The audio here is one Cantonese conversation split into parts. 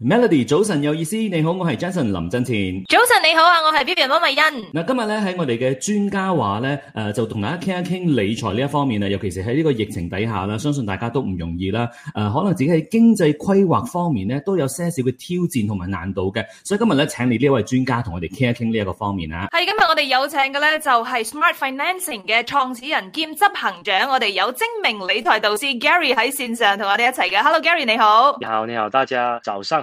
Melody，早晨有意思。你好，我係 Jason 林振前。早晨你好啊，我係 B B 魔米恩。嗱，今日咧喺我哋嘅專家話咧，誒、呃，就同大家傾一傾理財呢一方面啊，尤其是喺呢個疫情底下啦，相信大家都唔容易啦。誒、呃，可能自己喺經濟規劃方面咧，都有些少嘅挑戰同埋難度嘅。所以今日咧，請你呢一位專家同我哋傾一傾呢一個方面啊。係今日我哋有請嘅咧，就係、是、Smart Financing 嘅創始人兼執行長，我哋有精明理財導師 Gary 喺線上同我哋一齊嘅。Hello Gary，你好。你好，你好，大家早上。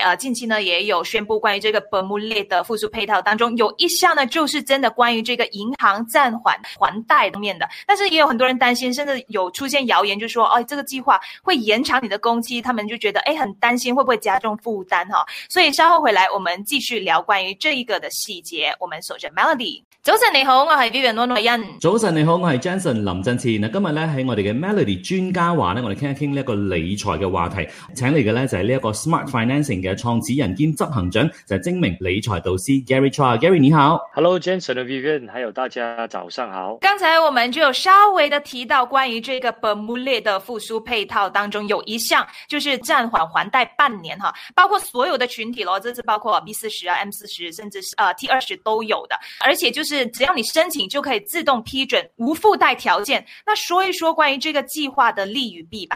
近期呢也有宣佈關於這個本木類的復甦配套當中有一項呢，就是真的關於這個銀行暫緩還貸方面的，但是也有很多人擔心，甚至有出現謠言就是，就說哦，這個計劃會延長你的工期，他們就覺得哎，很擔心會不會加重負擔哈。所以稍後回來，我們繼續聊關於這一個的細節。我們守着 Melody，早晨你好，我係 Vivian Nono，諾茵。早晨你好，我係 Jason 林振慈。那今日呢，喺我哋嘅 Melody 專家話呢，我哋傾一傾呢個理財嘅話題，請嚟嘅呢，就係呢一個 Smart Financing。嘅創始人兼執行長就係、是、精明理財導師 Gary Chua，Gary 你好，Hello Jensen 和 Vivian 還有大家早上好。剛才我們就有稍微的提到關於這個 PEMULIH 的復蘇配套當中有一項就是暫緩還貸半年哈，包括所有的群體咯，這次包括 B 四十啊、M 四十，甚至是啊 T 二十都有的，而且就是只要你申請就可以自動批准，無附帶條件。那說一說關於這個計劃的利與弊吧。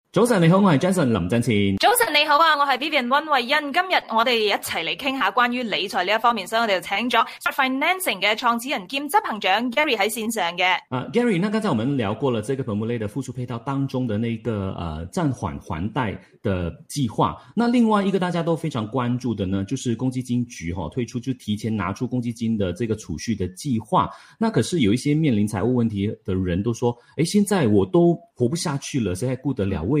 早晨你好，我係 Jason 林振前。早晨你好啊，我係 Vivian 溫慧欣。今日我哋一齊嚟傾下關於理財呢一方面，所以我哋就請咗 Financing 嘅創始人兼執行長 Gary 喺線上嘅。啊、uh, Gary，那剛才我們聊過了，這個彭慕類的付出配套當中的那個呃暫緩還貸的計劃。那另外一個大家都非常關注的呢，就是公積金局哦推出就提前拿出公積金的這個儲蓄的計劃。那可是有一些面臨財務問題的人都說，誒，現在我都活不下去了，誰還顧得了為？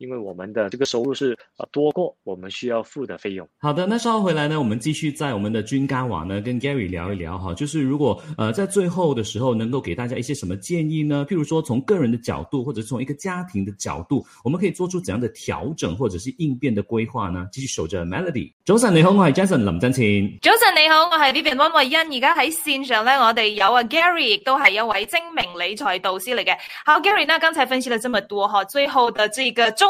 因為我們的這個收入是多過我們需要付的費用。好的，那稍後回來呢，我們繼續在我們的軍咖網呢跟 Gary 聊一聊哈，就是如果呃在最後的時候能夠給大家一些什麼建議呢？譬如說從個人的角度，或者是從一個家庭的角度，我們可以做出怎樣的調整，或者是應變的規劃呢？繼續守着 Melody。早晨你好，我係 Jason 林振前。早晨你好，我係 Vivian 溫慧欣。而家喺線上呢，我哋有啊 Gary，都係一位精明理財導師嚟嘅。好，Gary，那剛才分析了這麼多哈，最後的這個中